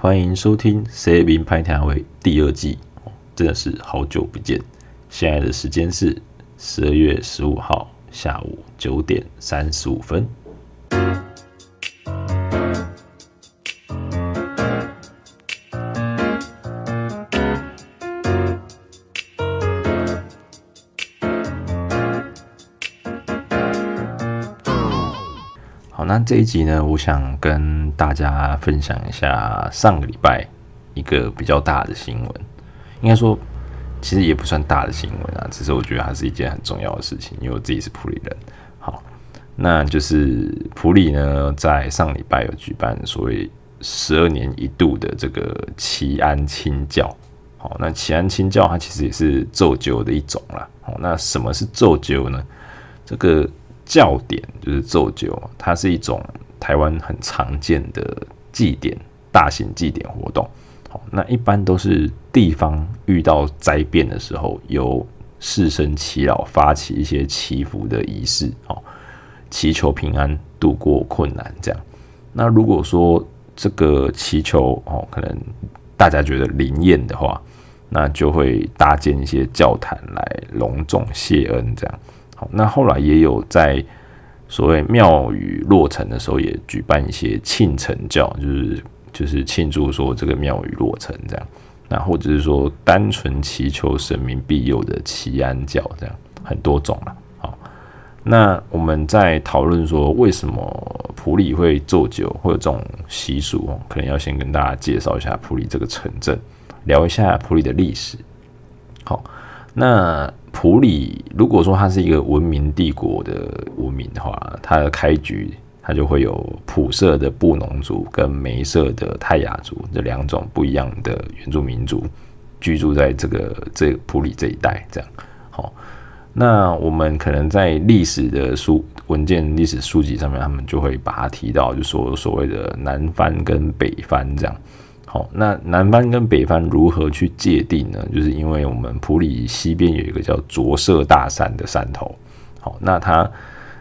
歡迎收聽《saving 誰名拍台灣》第二季，真的是好久不見。現在的時間是十二月十五號下午九點三十五分。這一集呢，我想跟大家分享一下上個禮拜一個比較大的新聞，應該說其實也不算大的新聞啊，只是我覺得它是一件很重要的事情，因為我自己是埔里人。好，那就是埔里呢，在上禮拜有舉辦所謂十二年一度的這個祈安清醮。好，那祈安清醮它其實也是做醮的一種啦。好，那什麼是做醮呢？這個。醮典就是做醮，它是一種台灣很常見的祭典，大型祭典活動。那一般都是地方遇到災變的時候，由士紳耆老發起一些祈福的儀式，哦，祈求平安，度過困難。這樣，那如果說這個祈求哦，可能大家覺得靈驗的話，那就會搭建一些醮壇來隆重謝恩，這樣。好，那後來也有在所謂廟宇落成的時候，也舉辦一些慶成醮，就是就是慶祝說這個廟宇落成這樣，那或者是說單純祈求神明庇佑的祈安醮這樣，很多種了。好，那我們再討論說為什麼埔里會做醮，會有這種習俗，可能要先跟大家介紹一下埔里這個城鎮，聊一下埔里的歷史。好，那。普里，如果說它是一個文明帝國的文明的話，它的開局它就會有埔社的布農族跟眉社的泰雅族這兩種不一樣的原住民族居住在這個這個、埔里這一帶，這樣。好、哦，那我們可能在歷史的書文件、歷史書籍上面，他們就會把它提到，就說所謂的南番跟北番這樣。好，那南番跟北番如何去界定呢？就是因為我們埔里西邊有一個叫卓社大山的山頭，好，那它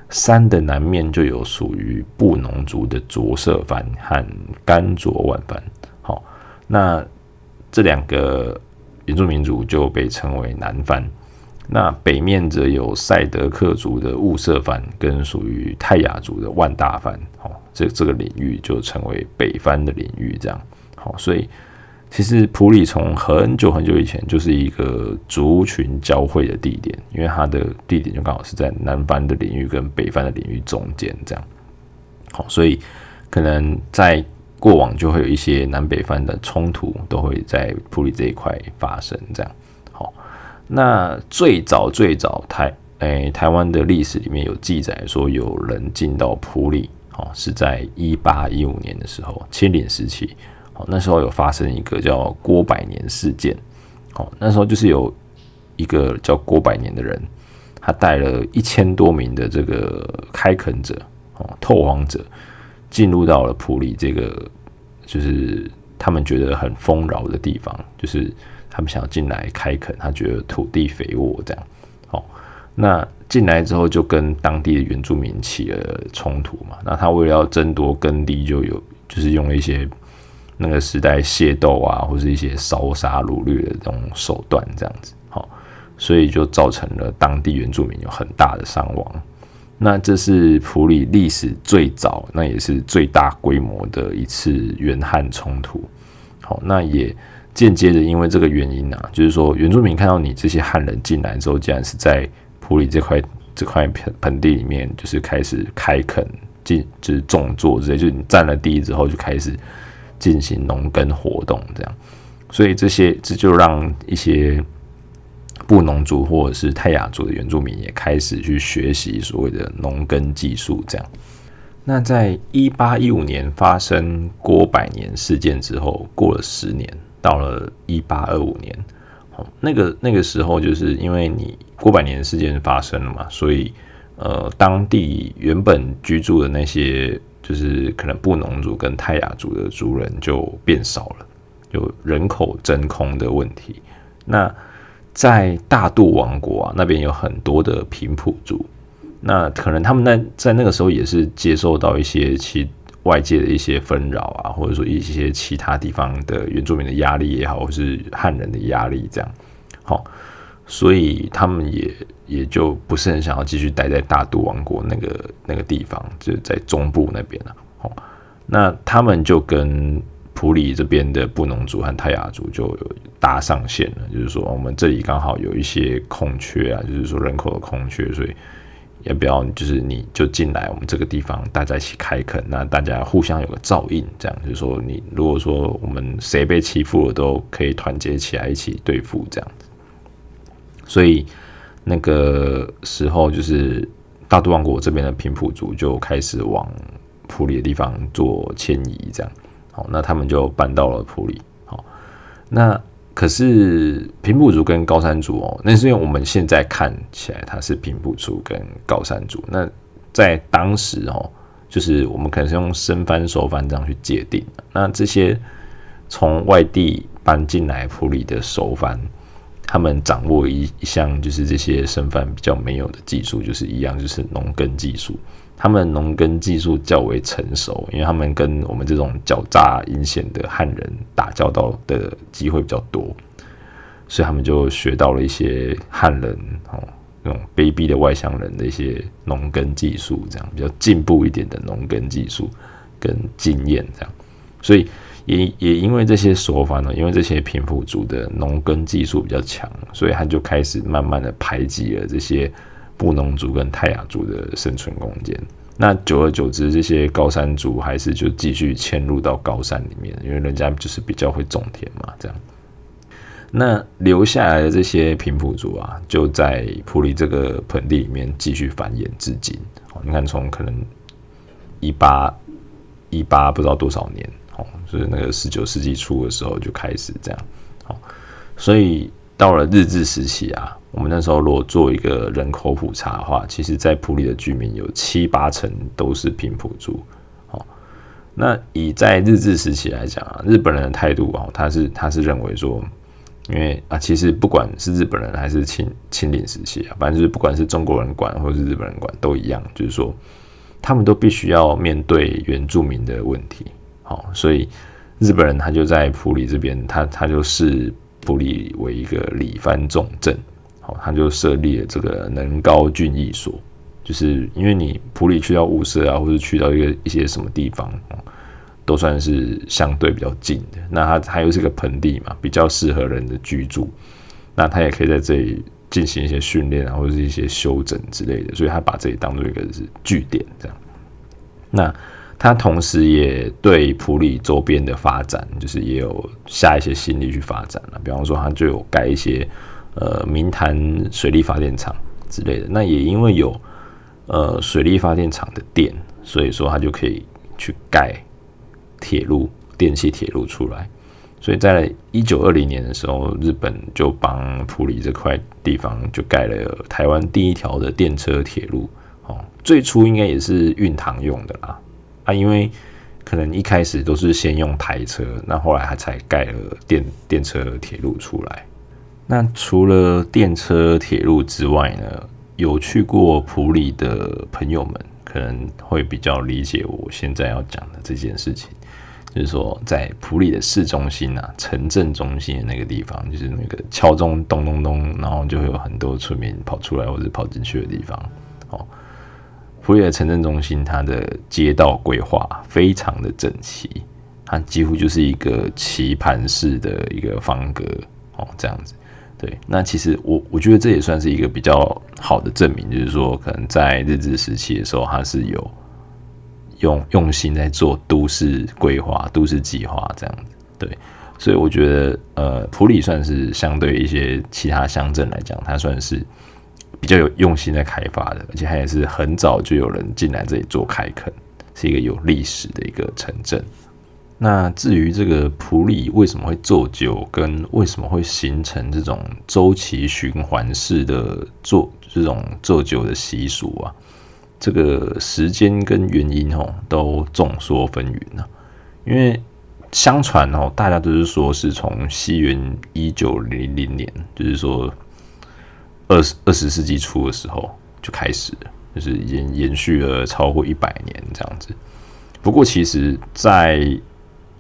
山的南面就有屬於布農族的卓社番和甘卓萬番，好，那這兩個原住民族就被稱為南番，那北面則有賽德克族的霧社番跟屬於泰雅族的萬大番，好，這這個領域就稱為北番的領域，這樣。所以，其實埔里從很久很久以前就是一個族群交匯的地點，因為它的地點就剛好是在南方的領域跟北方的領域中間，這樣。好，所以可能在過往就會有一些南北方的衝突都會在埔里這一塊發生，這樣。好，那最早最早台誒、哎、台灣的歷史裡面有記載說有人進到埔里，哦，是在一八一五年的時候，清領時期。那時候有發生一個叫郭百年事件。好、哦，那時候就是有一個叫郭百年的人，他帶了一千多名的這個開墾者、哦，拓荒者，進入到了埔里這個，就是他們覺得很豐饒的地方，就是他們想要進來開墾，他覺得土地肥沃這樣。好、哦，那進來之後就跟當地的原住民起了衝突嘛。那他為了要爭奪耕地，就有就是用了一些。那個時代械鬥啊，或是一些燒殺擄掠的這種手段，這樣子好，所以就造成了當地原住民有很大的傷亡。那這是埔里歷史最早，那也是最大規模的一次原漢衝突。好，那也間接的因為這個原因啊，就是說原住民看到你這些漢人進來之後，竟然是在埔里這塊這塊盆盆地裡面，就是開始開墾、進就是種作之類，就是你佔了地之後就開始。進行農耕活動，這樣，所以這些這就讓一些布農族或者是泰雅族的原住民也開始去學習所謂的農耕技術，這樣。那在一八一五年發生郭百年事件之後，過了十年，到了一八二五年，那個那個時候就是因為你郭百年事件發生了嘛，所以呃，當地原本居住的那些。就是可能布農族跟泰雅族的族人就變少了，有人口真空的問題。那在大肚王國啊那邊有很多的平埔族，那可能他們那在，在那個時候也是接受到一些其外界的一些紛擾啊，或者說一些其他地方的原住民的壓力也好，或是漢人的壓力這樣，好。所以他們也也就不是很想要繼續待在大肚王國那個那個地方，就是在中部那邊了啊。哦，那他們就跟埔里這邊的布農族和泰雅族就有搭上線了。就是說，我們這裡剛好有一些空缺啊，就是說人口的空缺，所以要不要就是你就進來，我們這個地方大家一起開墾，那大家互相有個照應，這樣就是說，你如果說我們誰被欺負了，都可以團結起來一起對付這樣。所以那個時候，就是大肚王國這邊的平埔族就開始往埔里的地方做遷移，這樣，好，那他們就搬到了埔里。好，那可是平埔族跟高山族哦，那是因為我們現在看起來它是平埔族跟高山族，那在當時哦，就是我們可能是用生番、熟番這樣去界定，那這些從外地搬進來埔里的熟番。他們掌握一項就是這些生番比較沒有的技術，就是一樣就是農耕技術。他們農耕技術較為成熟，因為他們跟我們這種狡詐陰險的漢人打交道的機會比較多，所以他們就學到了一些漢人哦、喔、那種卑鄙的外鄉人的一些農耕技術，這樣比較進步一點的農耕技術跟經驗，這樣，所以。也也因為這些說法呢，因為這些平埔族的農耕技術比較強，所以他就開始慢慢的排擠了這些布農族跟泰雅族的生存空間。那久而久之，這些高山族還是就繼續遷入到高山裡面，因為人家就是比較會種田嘛，這樣。那留下來的這些平埔族啊，就在埔里這個盆地裡面繼續繁衍至今。好，你看從可能一八一八不知道多少年，就是那個十九世紀初的時候就開始這樣，好，所以到了日治時期啊，我們那時候如果做一個人口普查的話，其實在埔里的居民有七八成都是平埔族，好，那以在日治時期來講啊，日本人的態度哦、啊，他是他是認為說，因為啊，其實不管是日本人還是清清領時期，啊，反正就是不管是中國人管或者日本人管都一樣，就是說他們都必須要面對原住民的問題。好，所以日本人他就在埔里這邊，他他就視埔里為一個理蕃重鎮，好，他就設立了這個能高郡役所，就是因為你埔里去到霧社啊，或者去到一個一些什麼地方，都算是相對比較近的。那它它又是個盆地嘛，比較適合人的居住，那它也可以在這裡進行一些訓練啊，或者是一些修整之類的，所以他把這裡當作一個是據點這樣，那。他同時也對埔里周邊的發展，就是也有下一些心力去發展了。比方說，他就有蓋一些呃明潭水力發電廠之類的。那也因為有呃水力發電廠的電，所以說它就可以去蓋鐵路、電氣鐵路出來。所以在一九二零年的時候，日本就幫埔里這塊地方就蓋了台灣第一條的電車鐵路。哦，最初應該也是運糖用的啦。他、啊、因為可能一開始都是先用台車，那後來他才蓋了電電車鐵路出來。那除了電車鐵路之外呢，有去過埔里的朋友們可能會比較理解我現在要講的這件事情，就是說在埔里的市中心吶、啊，城鎮中心的那個地方，就是那個敲鐘咚咚咚，然後就會有很多村民跑出來或者跑進去的地方，哦。埔里的城鎮中心，它的街道規劃非常的整齊，它幾乎就是一個棋盤式的一個方格哦，這樣子。對，那其實我我覺得這也算是一個比較好的證明，就是說可能在日治時期的時候，它是有用用心在做都市規劃、都市計劃這樣子。對，所以我覺得呃，埔里算是相對一些其他鄉鎮來講，它算是。比較有用心在開發的，而且它也是很早就有人進來這裡做開墾，是一個有歷史的一個城鎮。那至於這個埔里為什麼會做醮，跟為什麼會形成這種周期循環式的做這種做醮的習俗啊，這個時間跟原因哦，都眾說紛紜啊，因為相傳哦，大家都是說是從西元一九零零年，就是說。二十二十世紀初的時候就開始了，就是已經延續了超過一百年這樣子。不過，其實，在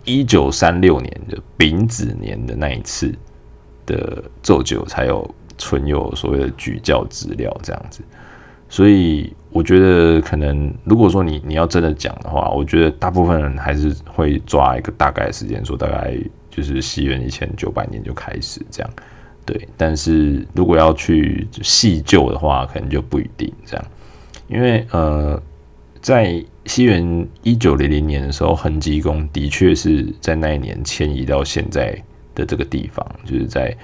一九三六年的丙子年的那一次的做醮，才有存有所謂的舉教資料這樣子。所以，我覺得可能，如果說你你要真的講的話，我覺得大部分人還是會抓一個大概的時間，說大概就是西元一千九百年就開始這樣。對，但是如果要去細究的話，可能就不一定這樣，因為呃，在西元一九零零年的時候，恆吉宮的確是在那一年遷移到現在的這個地方，就是在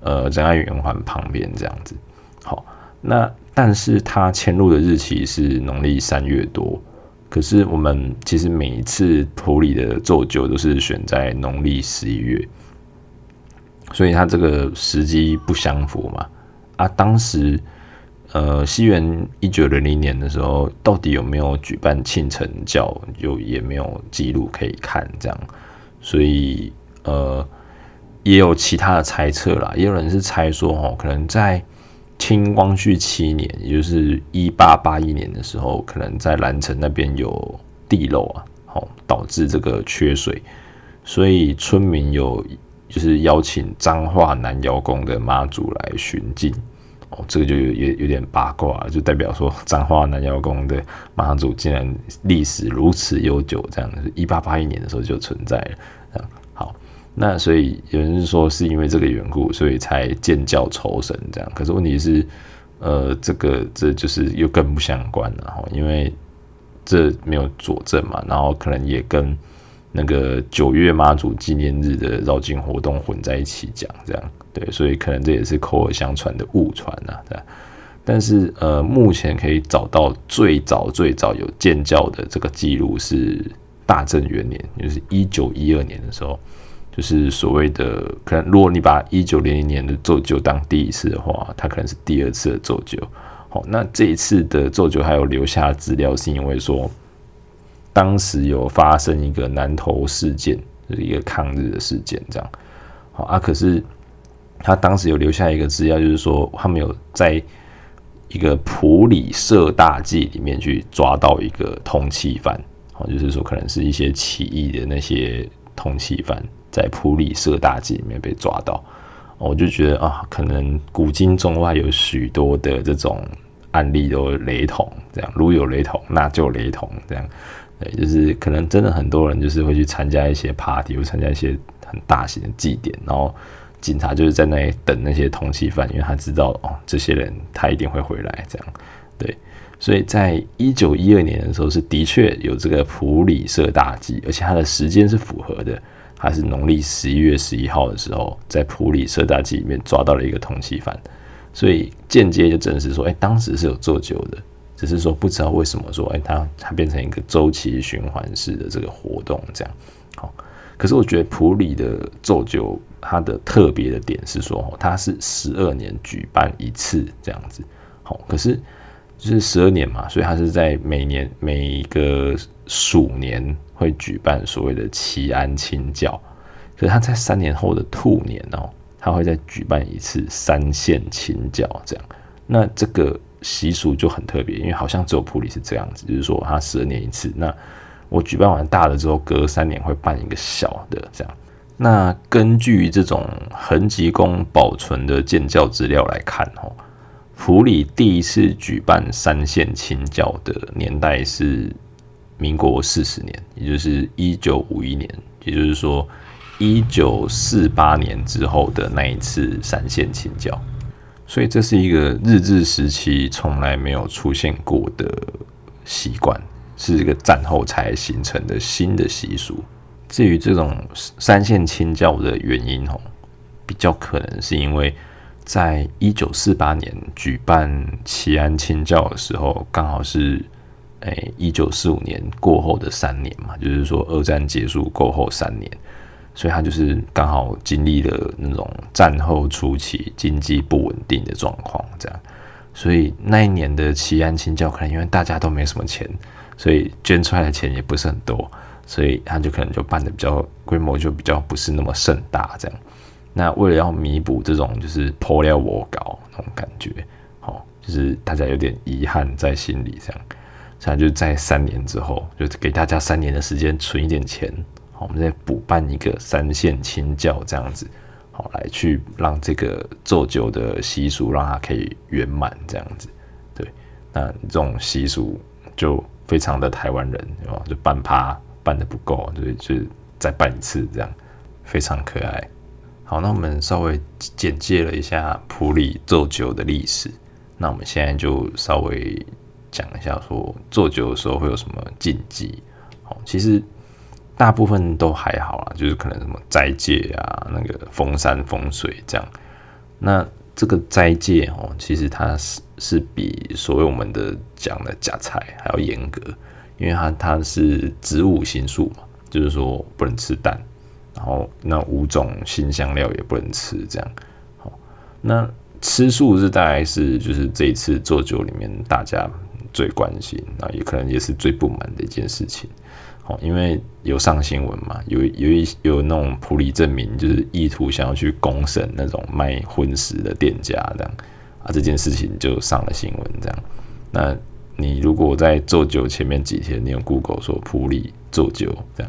呃，仁愛圓環旁邊這樣子。好，那但是它遷入的日期是農曆三月多，可是我們其實每一次埔里的做醮都是選在農曆十一月。所以他這個時機不相符嘛？啊，當時，呃，西元一九零零年的時候，到底有沒有舉辦慶成醮，就也沒有記錄可以看這樣。所以，呃，也有其他的猜測啦。也有人是猜說哦，可能在清光緒七年，也就是一八八一年的時候，可能在蘭城那邊有地漏啊，好、哦、導致這個缺水，所以村民有。就是邀請彰化南瑤宮的媽祖來巡境哦，這個就有有點八卦，就代表說彰化南瑤宮的媽祖竟然歷史如此悠久，這樣，一八八一年的時候就存在了。這樣，好，那所以有人說是因為這個緣故，所以才建醮酬神這樣。可是問題是，呃，這個這就是又更不相關了，因為這沒有佐證嘛，然後可能也跟。那個九月媽祖紀念日的繞境活動混在一起講，這樣對，所以可能這也是口耳相傳的誤傳吶。這樣，但是呃，目前可以找到最早最早有建醮的這個記錄是大正元年，就是一九一二年的時候，就是所謂的可能，如果你把一九零零年的做醮當第一次的話，它可能是第二次的做醮。好，那這一次的做醮還有留下資料，是因為說。當時有發生一個南投事件，就是一個抗日的事件，這樣，好啊。可是他當時有留下一個資料，就是說他們有在一個埔里社大祭裡面去抓到一個通緝犯，就是說可能是一些起義的那些通緝犯在埔里社大祭裡面被抓到。我就覺得啊，可能古今中外有許多的這種案例都雷同，這樣如有雷同，那就雷同，這樣。對，就是可能真的很多人就是會去參加一些 party，會參加一些很大型的祭典，然後警察，就是在那裡等那些通緝犯，因為他知道哦，這些人他一定會回來，這樣對。所以在一九一二年的時候，是的確有這個埔里社大祭，而且他的時間是符合的，他是農曆十一月十一號的時候，在埔里社大祭裡面抓到了一個通緝犯，所以間接就證實說，哎、欸，當時是有做醮的。只是說不知道為什麼說哎，它它變成一個週期循環式的這個活動這樣，好、哦。可是我覺得埔里的醮，它的特別的點是說，哦，它是十二年舉辦一次這樣子，好、哦。可是就是十二年嘛，所以它是在每年每一個鼠年會舉辦所謂的祈安清醮，可是它在三年後的兔年哦，它會再舉辦一次三獻清醮這樣。那這個。習俗就很特別，因為好像只有埔里是這樣子，就是說他十二年一次。那我舉辦完了大的之後，隔三年會辦一個小的這樣。那根據這種恆吉宮保存的建醮資料來看，吼，埔里第一次舉辦三獻清醮的年代是民國四十年，也就是一九五一年，也就是說一九四八年之後的那一次三獻清醮。所以這是一個日治時期從來沒有出現過的習慣，是一個戰後才形成的新的習俗。至於這種三線清醮的原因哦，比較可能是因為在一九四八年舉辦祈安清醮的時候，剛好是誒一九四五年過後的三年嘛，就是說二戰結束過後三年。所以他就是剛好經歷了那種戰後初期經濟不穩定的狀況，這樣。所以那一年的祈安清醮，可能因為大家都沒什麼錢，所以捐出來的錢也不是很多，所以他就可能就辦的比較規模就比較不是那麼盛大這樣。那為了要彌補這種就是破掉我搞那種感覺，好，就是大家有點遺憾在心裡這樣。所以他就在三年之後，就給大家三年的時間存一點錢。我們再補辦一個三獻清醮這樣子，好，來去讓這個做醮的習俗讓它可以圓滿這樣子，對，那這種習俗就非常的台灣人，就辦趴辦得不夠，就半半夠就再辦一次這樣，非常可愛。好，那我們稍微簡介了一下埔里做醮的歷史，那我們現在就稍微講一下說做醮的時候會有什麼禁忌。好，其實。大部分都還好啊，就是可能什麼齋戒啊，那個封山封水這樣。那這個齋戒哦，其實它是是比所有我們的講的假菜還要嚴格，因為它它是植物性素嘛，就是說不能吃蛋，然後那五種辛香料也不能吃這樣。那吃素是大概是就是這一次做醮裡面大家最關心，那也可能也是最不滿的一件事情。哦，因為有上新聞嘛，有有一有那種埔里證明，就是意圖想要去公審那種賣葷食的店家這樣啊，這件事情就上了新聞這樣。那你如果在做醮前面幾天，你用 Google 說埔里做醮這樣，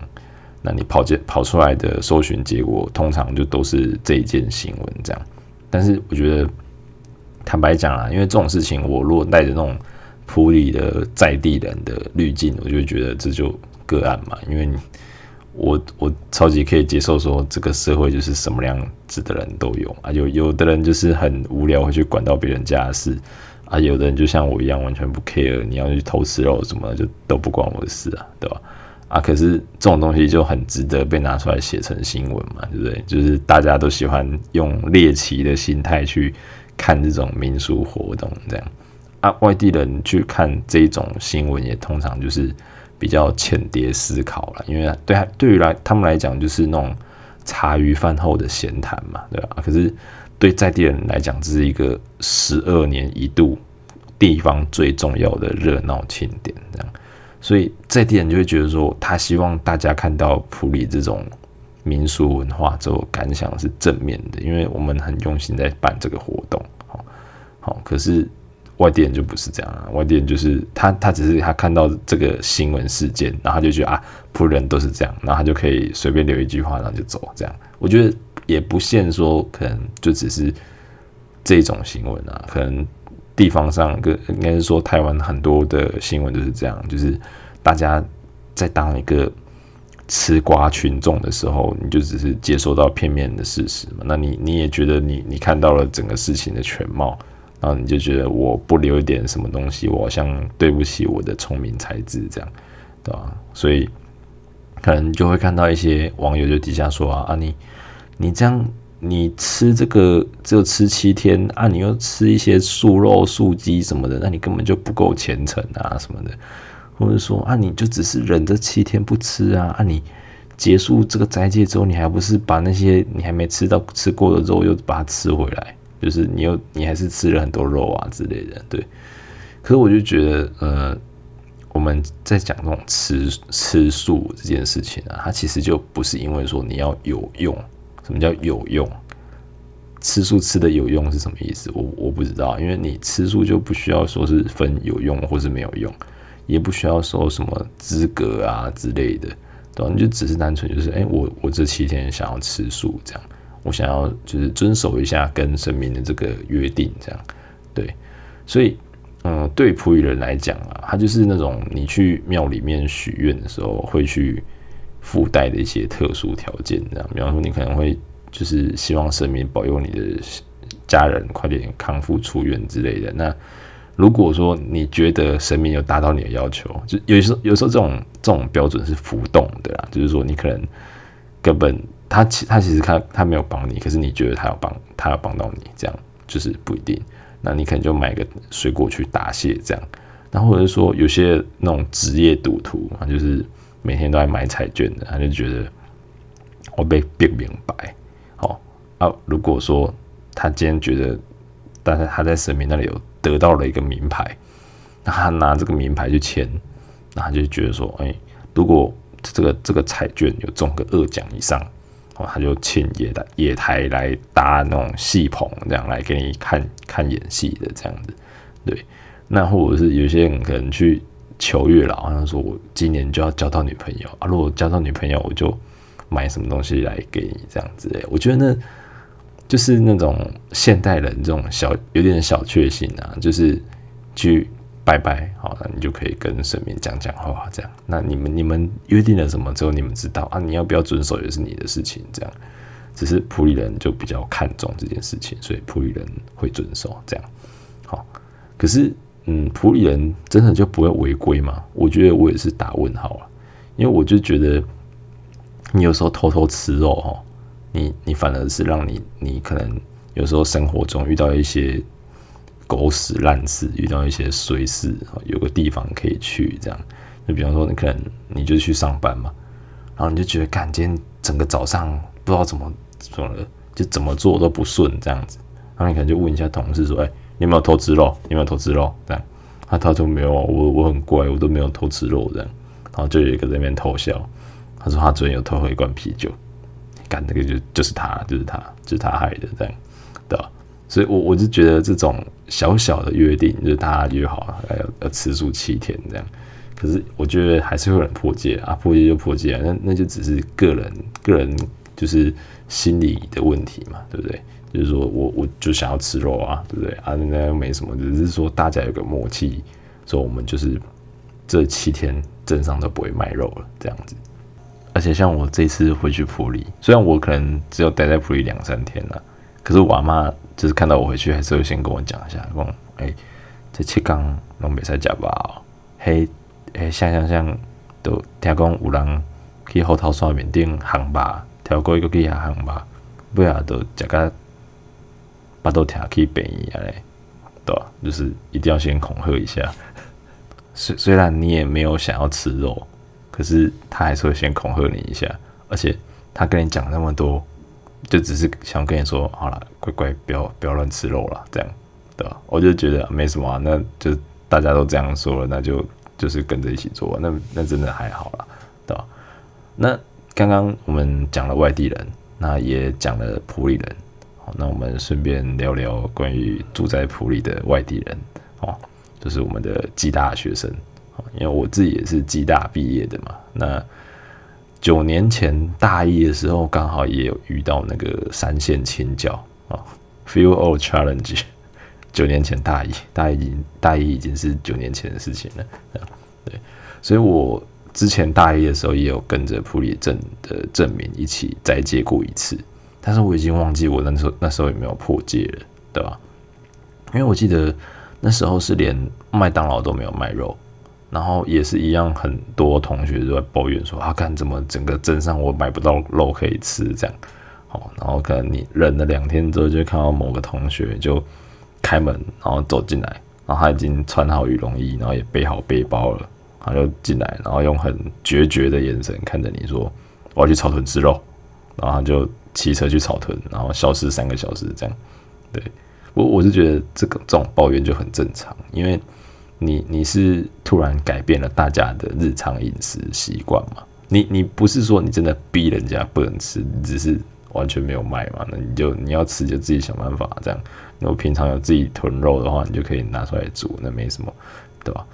那你跑跑出來的搜尋結果通常就都是這一件新聞這樣。但是我覺得坦白講啊，因為這種事情，我如果帶着那種埔里的在地人的濾鏡，我就會覺得這就個案嘛，因為我我超級可以接受說這個社會就是什麼樣子的人都有啊，有有的人就是很無聊會去管到別人家的事啊，有的人就像我一樣完全不 care，你要去偷吃肉什麼的就都不關我的事啊，對吧？啊，可是這種東西就很值得被拿出來寫成新聞嘛，對不對？就是大家都喜歡用獵奇的心態去看這種民俗活動，這樣啊，外地人去看這種新聞也通常就是。比較淺碟思考了，因為對對於來他們來講就是那種茶餘飯後的閒談嘛，對吧？可是對在地人來講，這是一個十二年一度地方最重要的熱鬧慶典，這樣，所以在地人就會覺得說，他希望大家看到埔里這種民俗文化之後感想是正面的，因為我們很用心在辦這個活動，好，好，可是，外地人就不是這樣啊，外地人就是他，他只是他看到這個新聞事件，然後他就覺得啊，埔人都是這樣，然後他就可以隨便留一句話，然後就走這樣。我覺得也不限說，可能就只是這種新聞啊，可能地方上跟應該是說台灣很多的新聞都是這樣，就是大家在當一個吃瓜群眾的時候，你就只是接受到片面的事實嘛，那你你也覺得你你看到了整個事情的全貌。然後你就覺得我不留一點什麼東西，我好像對不起我的聰明才智這樣，對吧？所以可能就會看到一些網友就底下說啊，啊你你這樣你吃這個只有吃七天啊，你又吃一些素肉素雞什麼的，那你根本就不夠虔誠啊什麼的，或者說啊你就只是忍着七天不吃啊，啊你結束這個齋戒之後，你還不是把那些你還沒吃到吃過的肉又把它吃回來。就是你又你還是吃了很多肉啊之類的，對。可是我就覺得，呃，我們在講這種吃吃素這件事情啊，它其實就不是因為說你要有用。什麼叫有用？吃素吃的有用是什麼意思？我我不知道，因為你吃素就不需要說是分有用或是沒有用，也不需要說什麼資格啊之類的，對吧，你就只是單純就是，哎、欸，我我這七天想要吃素這樣。我想要就是遵守一下跟神明的這個約定，這樣，對。所以嗯，對埔里人來講啊，他就是那種你去廟裡面許願的時候會去附帶的一些特殊條件，這樣，比方說你可能會就是希望神明保佑你的家人快點康復出院之類的。那如果說你覺得神明有達到你的要求，就有時候有時候這種這種標準是浮動的啦，就是說你可能根本。他其他其實他他沒有幫你，可是你覺得他要幫他要幫到你，這樣就是不一定。那你可能就買個水果去答謝這樣。然後或者說，有些那種職業賭徒啊，他就是每天都在買彩券的，他就覺得我被逼名牌哦，啊，如果說他今天覺得，但是他在神明那裡有得到了一個名牌，那他拿這個名牌去簽，那他就覺得說，哎、欸，如果這個這個彩券有中個二獎以上。哦，他就請野台野台來搭那種戲棚，這樣來給你看看演戲的這樣子，對。那或者是有些人可能去求月老，他說我今年就要交到女朋友啊，如果交到女朋友，我就買什麼東西來給你這樣子。我覺得呢，就是那種現代人這種小有點小確幸啊，就是去。拜拜，好，那你就可以跟神明講講話，這樣。那你們你們約定了什麼之後，你們知道啊？你要不要遵守也是你的事情，這樣。只是埔里人就比較看重這件事情，所以埔里人會遵守這樣。好，可是，嗯，埔里人真的就不會違規嗎？我覺得我也是打問號啊，因為我就覺得你有時候偷偷吃肉哈、哦，你你反而是讓你你可能有時候生活中遇到一些。狗屎爛事，遇到一些衰事，有個地方可以去，這樣，就比方說，你可能你就去上班嘛，然後你就覺得，幹，今天整個早上不知道怎麼怎麼，就怎麼做都不順，這樣子，然後你可能就問一下同事，說，哎、欸，你有沒有偷吃肉？你有沒有偷吃肉？這樣，啊、他他說沒有，我我很乖，我都沒有偷吃肉的。然後就有一個在那邊偷笑，他說他昨天有偷喝一罐啤酒，幹，這、那個就、就是、就是他，就是他，就是他害的，這樣，對吧？所以我我就覺得這種。小小的約定就是大家約好了要要吃素七天這樣，可是我覺得還是會有人破戒啊，破戒就破戒，那那就只是個人個人就是心理的問題嘛，對不對？就是說我我就想要吃肉啊，對不對？啊，那又沒什麼，只是說大家有個默契，說我們就是這七天鎮上都不會賣肉了這樣子。而且像我這次回去埔里，雖然我可能只有待在埔里兩三天了啊。可是我阿媽就是看到我回去，還是會先跟我講一下，講，誒、欸、這七天攏袂使食肉哦。嘿、欸，哎、欸，像像像，都聽講有人去虎頭山面頂烘肉，跳過又去遐烘肉，尾下都食個腹肚疼去北移咧，對、啊，就是一定要先恐嚇一下。雖雖然你也沒有想要吃肉，可是她還是會先恐嚇你一下，而且她跟你講那麼多。就只是想跟你說，好了，乖乖，不要不要亂吃肉了，這樣，對吧？我就覺得沒什麼啊，那就大家都這樣說了，那就就是跟着一起做，那那真的還好了，對吧？那剛剛我們講了外地人，那也講了埔里人，好，那我們順便聊聊關於住在埔里的外地人，哦，就是我們的暨大的學生，因為我自己也是暨大畢業的嘛，那。九年前大一的時候，剛好也有遇到那個三獻清醮啊，Feel old challenge。九年前大一，大一已經大一已經是九年前的事情了，對。所以我之前大一的時候也有跟着埔里鎮，的鎮民一起齋戒過一次，但是我已經忘記我那時候那時候有沒有破戒了，對吧？因為我記得那時候是連麥當勞都沒有賣肉。然後也是一樣，很多同學都在抱怨說：“啊，幹怎麼整個鎮上我買不到肉可以吃這樣。哦”好，然後可能你忍了兩天之後，就看到某個同學就開門，然後走進來，然後他已經穿好羽絨衣，然後也背好背包了，他就進來，然後用很決絕，絕的眼神看着你說：“我要去草屯吃肉。”然後他就騎車去草屯，然後消失三個小時這樣。對我，我是覺得這個這種抱怨就很正常，因為。你你是突然改變了大家的日常飲食習慣嗎？你你不是說你真的逼人家不能吃，你只是完全沒有賣嘛？那你就你要吃就自己想辦法，啊，這樣。然後平常有自己囤肉的話，你就可以拿出來煮，那沒什麼，對吧？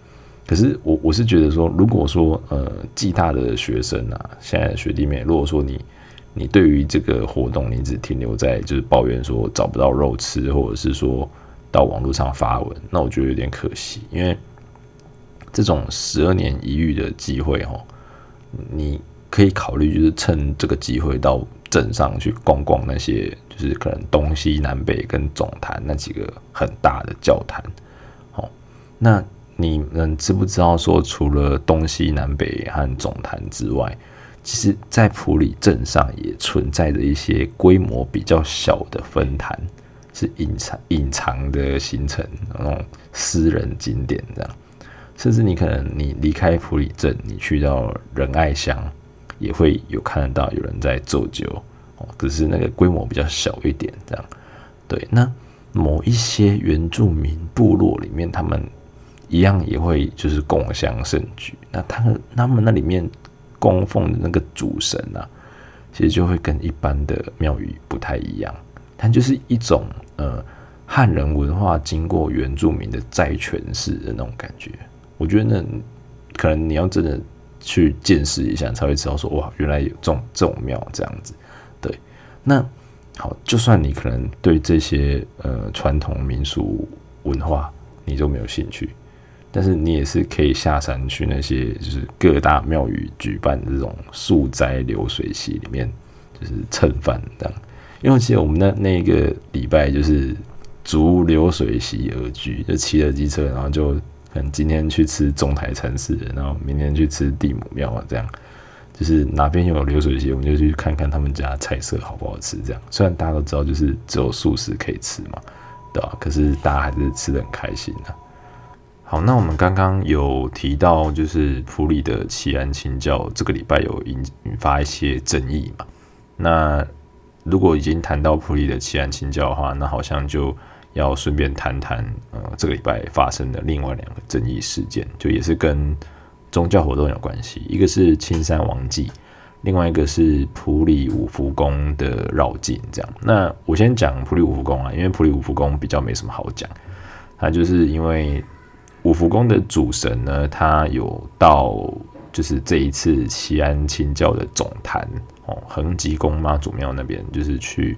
可是我我是覺得說，如果說呃，暨大的學生啊，現在的學弟妹，如果說你你對於這個活動，你只停留在就是抱怨說找不到肉吃，或者是說。到網絡上發文，那我覺得有點可惜，因為這種十二年一遇的機會哦，你可以考慮就是趁這個機會到鎮上去逛逛那些，就是可能東西南北跟總壇那幾個很大的醮壇。好，那你們知不知道說，除了東西南北和總壇之外，其實，在埔里鎮上也存在着一些規模比較小的分壇。是隱藏隱藏的行程，那種私人景點這樣，甚至你可能你離開埔里鎮，你去到仁愛鄉，也會有看得到有人在做醮。哦，可是那個規模比較小一點這樣。對，那某一些原住民部落裡面，他們一樣也會就是共襄盛舉，那他們他們那裡面供奉的那個主神啊，其實就會跟一般的廟宇不太一樣。它就是一種呃，漢人文化經過原住民的再詮釋的那種感覺。我覺得那可能你要真的去見識一下，才會知道說，哇，原來有這種這種廟這樣子。對，那好，就算你可能對這些呃傳統民俗文化你都沒有興趣，但是你也是可以下山去那些就是各大廟宇舉辦這種素齋流水席裡面，就是蹭飯這樣。因為其實我們那那個禮拜就是逐流水席而居，就騎着機車，然後就可能今天去吃中台禪寺，然後明天去吃地母廟啊，這樣就是哪邊有流水席，我們就去看看他們家菜色好不好吃。這樣雖然大家都知道，就是只有素食可以吃嘛，對吧、啊？可是大家還是吃的很開心的、啊。好，那我們剛剛有提到，就是埔里祈安清醮這個禮拜有引引發一些爭議嘛。那如果已經談到埔里的祈安清醮的話，那好像就要順便談談，呃，這個禮拜發生的另外兩個爭議事件，就也是跟宗教活動有關係。一個是青山王祭，另外一個是埔里五福宮的繞境。這樣，那我先講埔里五福宮啊，因為埔里五福宮比較沒什麼好講。它就是因為五福宮的主神呢，他有到就是這一次祈安清醮的總壇。哦，恆吉宮媽祖廟那邊就是去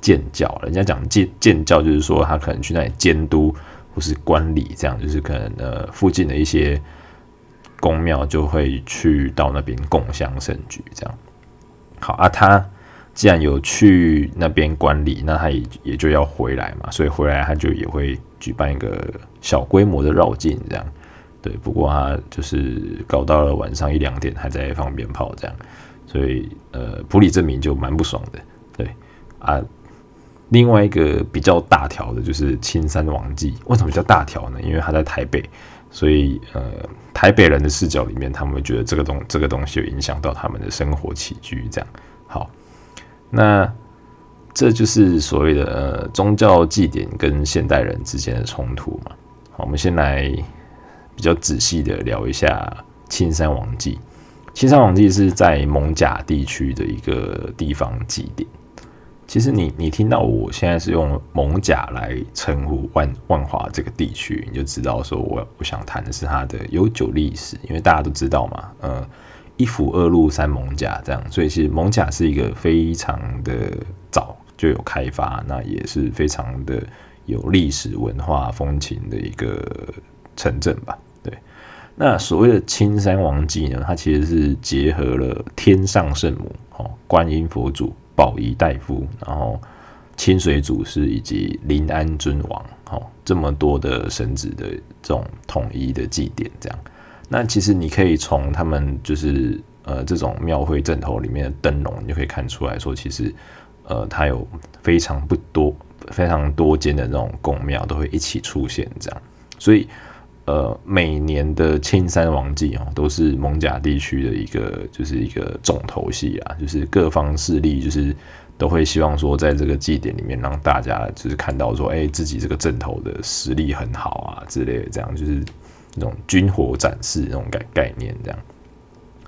建醮，人家講建建醮就是說他可能去那裡監督或是管理，這樣就是可能呃附近的一些宮廟就會去到那邊共襄盛舉這樣。好啊，他既然有去那邊管理，那他也也就要回來嘛，所以回來他就也會舉辦一個小規模的繞境這樣。對，不過他就是搞到了晚上一兩點還在放鞭炮這樣。所以，呃，埔里證明就蠻不爽的，對，啊，另外一個比較大條的，就是青山王祭，為什麼叫大條呢？因為他在台北，所以，呃，台北人的視角裡面，他們會覺得這個東這個東西有影響到他們的生活起居，這樣。好，那這就是所謂的呃宗教祭典跟現代人之間的衝突嘛。好，我們先來比較仔細的聊一下青山王祭。青山王祭是在艋舺地區的一個地方祭典，其實你，你你聽到我現在是用艋舺來稱呼萬萬華這個地區，你就知道說我，我我想談的是它的悠久歷史。因為大家都知道嘛，呃，一府二鹿三艋舺這樣，所以其實艋舺是一個非常的早就有開發，那也是非常的有歷史文化風情的一個城鎮吧。那所謂的青山王祭呢？它其實是結合了天上聖母、哦觀音佛祖、保儀大夫，然後清水祖師以及臨安尊王，哦這麼多的神祇的這種統一的祭典。這樣，那其實你可以從他們就是呃這種廟會陣頭裡面的燈籠，你就可以看出來說，其實呃它有非常不多、非常多間的那種宮廟都會一起出現，這樣，所以。呃，每年的青山王祭哦，都是艋舺地區的一個就是一個重頭戲啊，就是各方勢力就是都會希望說，在這個祭典裡面讓大家就是看到說，哎、欸，自己這個陣頭的實力很好啊之類的，這樣就是那種軍火展示那種概概念這樣。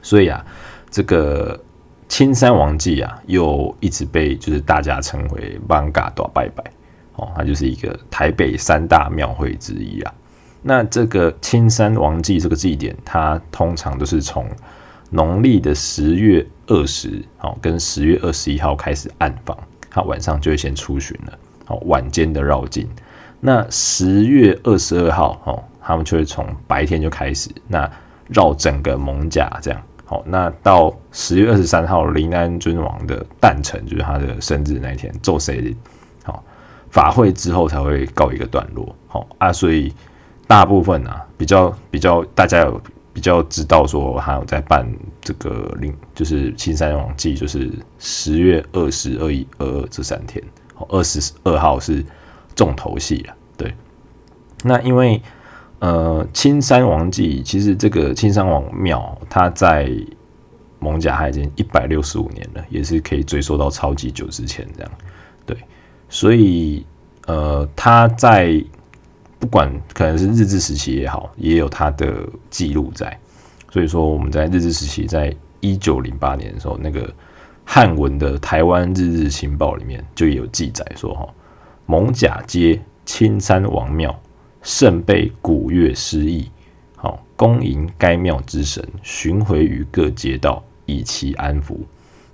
所以啊，這個青山王祭啊，又一直被就是大家稱為“艋舺大拜拜”哦，它就是一個台北三大廟會之一啊。那這個青山王祭這個祭典，它通常都是從農曆的十月二十、哦，跟十月二十一號開始暗訪，他晚上就會先出巡了，好、哦，晚間的繞境。那十月二十二號、哦，他們就會從白天就開始，那繞整個艋舺這樣，好、哦，那到十月二十三號，林安尊王的誕辰，就是他的生日那一天，做誰好法會之後才會告一個段落，好、哦、啊，所以。大部分啊，比較比較大家有比較知道說還有在辦這個零就是青山王祭，就是十月二十、二十一、二十二這三天，二十二號是重頭戲啊。對，那因為呃，青山王祭其實這個青山王廟，它在艋舺已經一百六十五年了，也是可以追溯到超級久之前這樣。對，所以呃，它在。不管可能是日治時期也好，也有它的記錄在。所以說，我們在日治時期，在一九零八年的時候，那個漢文的《台灣日日新報》裡面就有記載說：“哈，艋舺街青山王廟盛備鼓樂詩儀，好恭迎該廟之神巡迴於各街道，以祈安撫。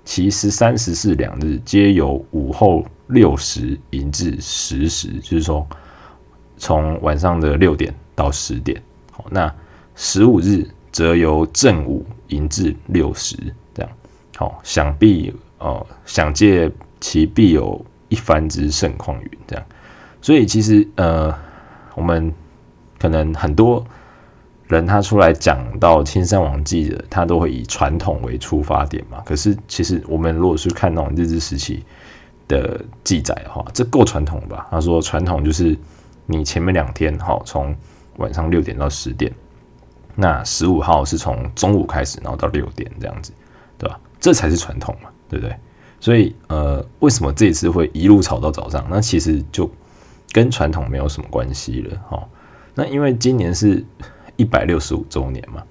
其十三十四兩日，皆由午後六時迎至十時，就是說。”從晚上的六點到十點，那十五日則由正午迎至六時，這樣好，想必哦、呃，想借其必有一番之盛況云，這樣，所以其實呃，我們可能很多人他出來講到青山王祭的，他都會以傳統為出發點嘛。可是其實我們如果是看到日治時期的記載的話，這夠傳統吧？他說傳統就是。你前面兩天好，從晚上六點到十點，那十五號是從中午開始，然後到六點這樣子，對吧？這才是傳統嘛，對不對？所以呃，為什麼這一次會一路吵到早上？那其實就跟傳統沒有什麼關係了，哈。那因為今年是一百六十五周年嘛，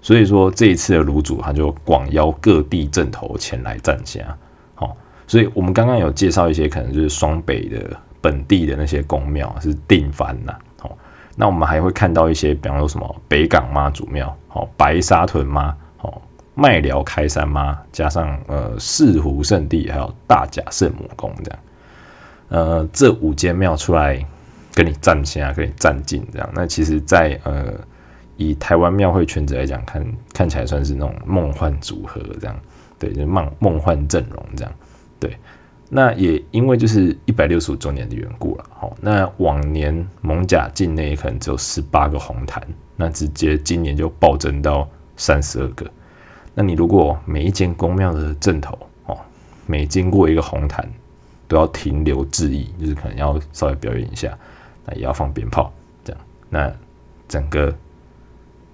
所以說這一次的爐主他就廣邀各地陣頭前來參加，哈，所以我們剛剛有介紹一些可能就是雙北的。本地的那些宮廟是定番吶、啊，哦，那我們還會看到一些，比方說什麼北港媽祖廟，好白沙屯媽，好麥寮開山媽，加上呃四湖聖地，還有大甲聖母宮這樣，呃，這五間廟出來跟你站起來跟你站近。這樣，那其實在呃以台灣廟會圈子來講，看看起來算是那種夢幻組合這樣，對，就夢、是、夢幻陣容這樣，對。那也因為就是一百六十五周年的緣故了，好，那往年艋舺境內可能只有十八個紅壇，那直接今年就暴增到三十二個。那你如果每一間宮廟的陣頭哦，每經過一個紅壇都要停留致意，就是可能要稍微表演一下，那也要放鞭炮，這樣，那整個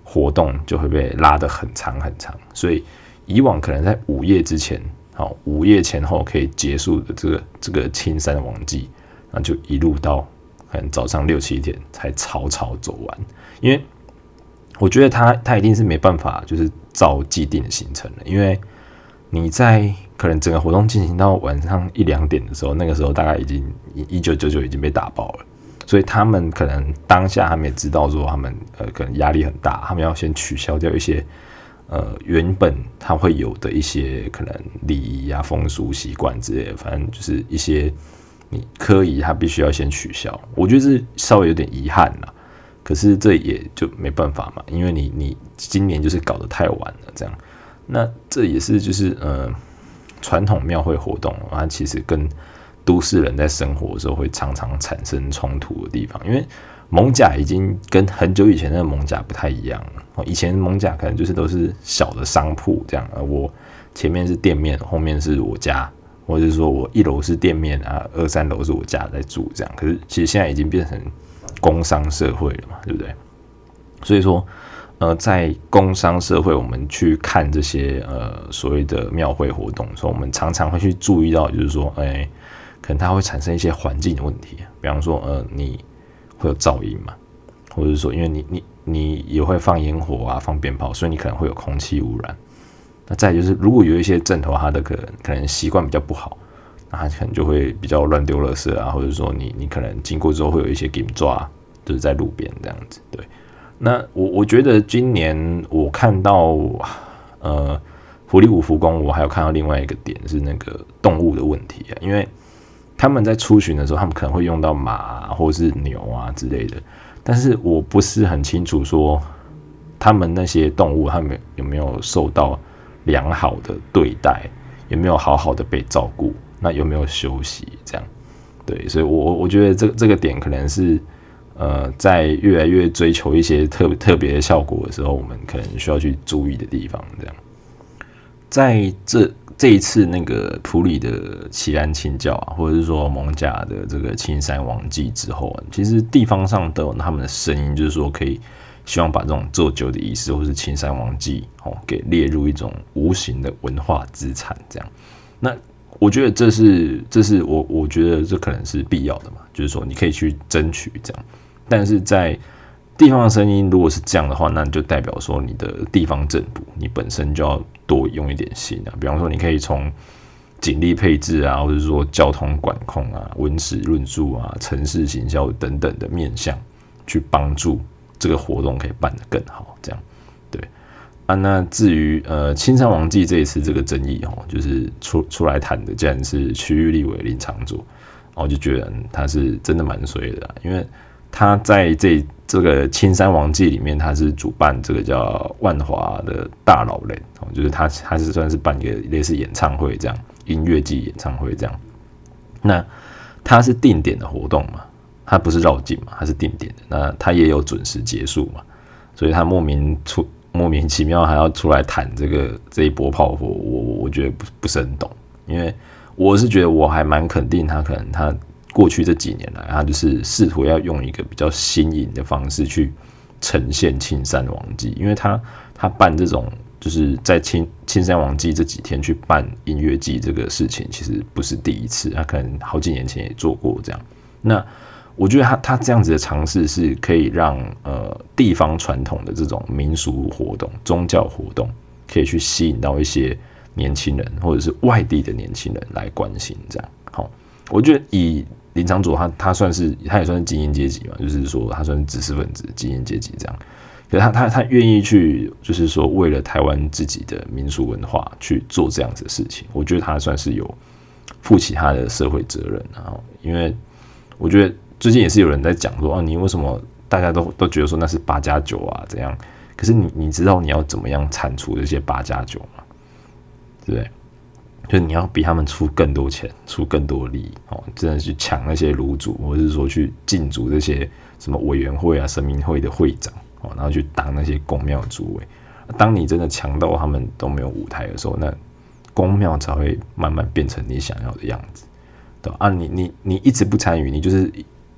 活動就會被拉得很長很長。所以以往可能在午夜之前。好，午夜前後可以結束的這個這個青山王祭，那就一路到可能早上六七點才草草走完，因為我覺得他他一定是沒辦法就是照既定的行程了，因為你在可能整個活動進行到晚上一兩點的時候，那個時候大概已經一九九九已經被打爆了，所以他們可能當下還沒知道說他們呃可能壓力很大，他們要先取消掉一些。呃，原本它會有的一些可能禮儀啊、風俗習慣之類的。反正就是一些你科儀，它必須要先取消。我覺得是稍微有點遺憾了，可是這也就沒辦法嘛，因為你你今年就是搞得太晚了，這樣。那這也是就是呃，傳統廟會活動啊，它其實跟都市人在生活的時候會常常產生衝突的地方，因為。艋舺已經跟很久以前的艋舺不太一樣了。以前艋舺可能就是都是小的商鋪這樣，我前面是店面，後面是我家，或者是說我一樓是店面啊，二三樓是我家在住這樣。可是其實現在已經變成工商社會了嘛，對不對？所以說，呃，在工商社會，我們去看這些呃所謂的廟會活動的時候，我們常常會去注意到，就是說，哎，可能它會產生一些環境的問題，比方說，呃，你。會有噪音嘛？或者說，因為你你你也會放煙火啊，放鞭炮，所以你可能會有空氣污染。那再就是，如果有一些陣頭，他的可能可能習慣比較不好，那他可能就會比較亂丟垃圾啊，或者說你你可能經過之後會有一些 g 抓，就是在路邊這樣子。對，那我我覺得今年我看到呃，埔里五福宮，我還有看到另外一個點是那個動物的問題啊，因為。他們在出巡的時候，他們可能會用到馬啊，或是牛啊之類的，但是我不是很清楚說他們那些動物他們有沒有受到良好的對待，有沒有好好的被照顧，那有沒有休息這樣？對，所以我我覺得這個這個點可能是呃，在越來越追求一些特特別的效果的時候，我們可能需要去注意的地方這樣，在這。這一次那個埔里的祈安清醮啊，或者是說艋舺的這個青山王祭之後啊，其實地方上都有他們的聲音，就是說可以希望把這種做醮的儀式，或是青山王祭哦，給列入一種無形的文化資產這樣。那我覺得這是，這是我我覺得這可能是必要的嘛，就是說你可以去爭取這樣，但是在。地方的聲音如果是這樣的話，那就代表說你的地方政府，你本身就要多用一點心啊。比方說，你可以從警力配置啊，或者說交通管控啊、溫室論述啊、城市行銷等等的面向，去幫助這個活動可以辦得更好。這樣，對啊。那至於呃，青山王祭這一次這個爭議哦，就是出出來談的，竟然是區域立委林昶佐，然後就覺得他是真的蠻衰的啦，因為。他在這這個青山王祭裡面，他是主辦這個叫萬華的大老人哦，就是他他是算是辦一個類似演唱會這樣，音樂季演唱會這樣。那他是定點的活動嘛，他不是繞境嘛，他是定點的。那他也有準時結束嘛，所以他莫名出莫名其妙還要出來談這個這一波炮火，我我覺得不不是很懂，因為我是覺得我還蠻肯定他可能他。過去這幾年來，他就是試圖要用一個比較新穎的方式去呈現青山王祭。因為他他辦這種就是在青青山王祭這幾天去辦音樂祭這個事情，其實不是第一次，他可能好幾年前也做過這樣。那我覺得他他這樣子的嘗試是可以讓呃地方傳統的這種民俗活動、宗教活動可以去吸引到一些年輕人或者是外地的年輕人來關心這樣。好，我覺得以。林昶佐他他算是，他也算是精英階級嘛，就是說他算是知識分子，精英階級這樣。可是他他他願意去，就是說為了台灣自己的民俗文化去做這樣子的事情，我覺得他算是有負起他的社會責任。然後，因為我覺得最近也是有人在講說啊，你為什麼大家都都覺得說那是八加九啊，怎樣？可是你你知道你要怎麼樣鏟除這些八加九嗎？對不對？就是你要比他們出更多錢，出更多力哦、喔，真的去搶那些爐主，或者是說去禁足這些什麼委員會啊、神明會的會長哦、喔，然後去當那些公廟主委。當你真的強到他們都沒有舞台的時候，那公廟才會慢慢變成你想要的樣子，對吧？啊你，你你你一直不參與，你就是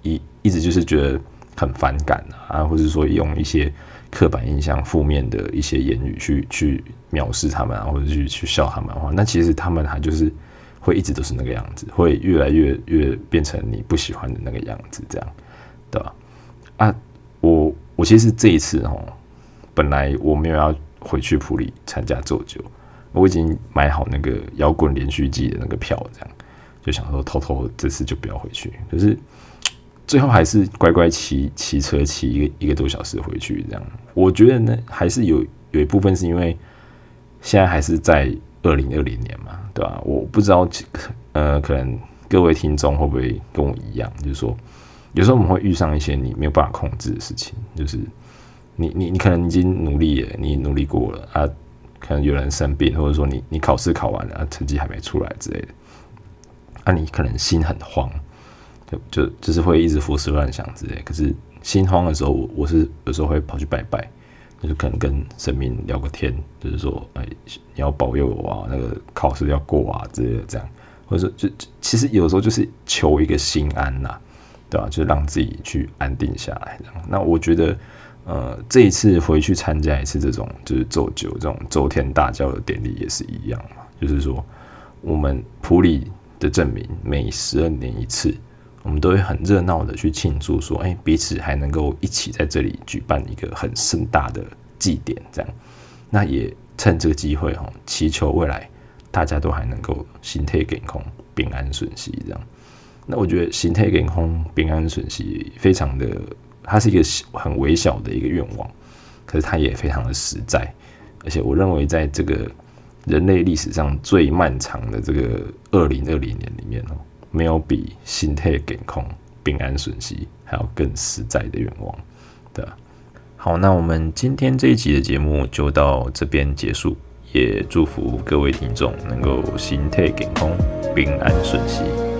一一直就是覺得很反感啊，啊或者說用一些刻板印象，負面的一些言語去，去去藐視他們、啊，或者去去笑他們的話，那其實他們還就是會一直都是那個樣子，會越來越越變成你不喜歡的那個樣子，這樣，對吧？啊，我我其實這一次哦，本來我沒有要回去埔里參加做醮，我已經買好那個搖滾連續祭的那個票，這樣就想說偷偷這次就不要回去，可、就是。最後還是乖乖騎騎車，騎一個一個多小時回去，這樣。我覺得呢，還是有有一部分是因為現在還是在二零二零年嘛，對吧？啊，我不知道，呃，可能各位聽眾會不會跟我一樣，就是說，有時候我們會遇上一些你沒有辦法控制的事情，就是你你你可能已經努力了，你努力過了啊，可能有人生病，或者說你你考試考完了，啊，成績還沒出來之類的，啊，你可能心很慌。就就就是會一直胡思亂想之類，可是心慌的時候，我我是有時候會跑去拜拜，就是可能跟神明聊個天，就是說，哎、欸，你要保佑我啊，那個考試要過啊之類的，這樣，或者說，就，就其實有時候就是求一個心安吶、啊，對吧、啊？就是讓自己去安定下來。那我覺得，呃，這一次回去參加一次這種就是做醮這種周天大醮的典禮也是一樣嘛，就是說，我們埔里的證明每十二年一次。我們都會很熱鬧的去慶祝說，說、欸，彼此還能夠一起在這裡舉辦一個很盛大的祭典，這樣，那也趁這個機會，哈，祈求未來大家都還能夠心態健康，平安順遂，這樣。那我覺得心態健康，平安順遂，非常的，它是一個很微小的一個願望，可是它也非常的實在，而且我認為在這個人類歷史上最漫長的這個二零二零年裡面，沒有比心態健康、平安順遂還要更實在的願望。對，好，那我們今天這一集的節目就到這邊結束，也祝福各位聽眾能夠心態健康、平安順遂。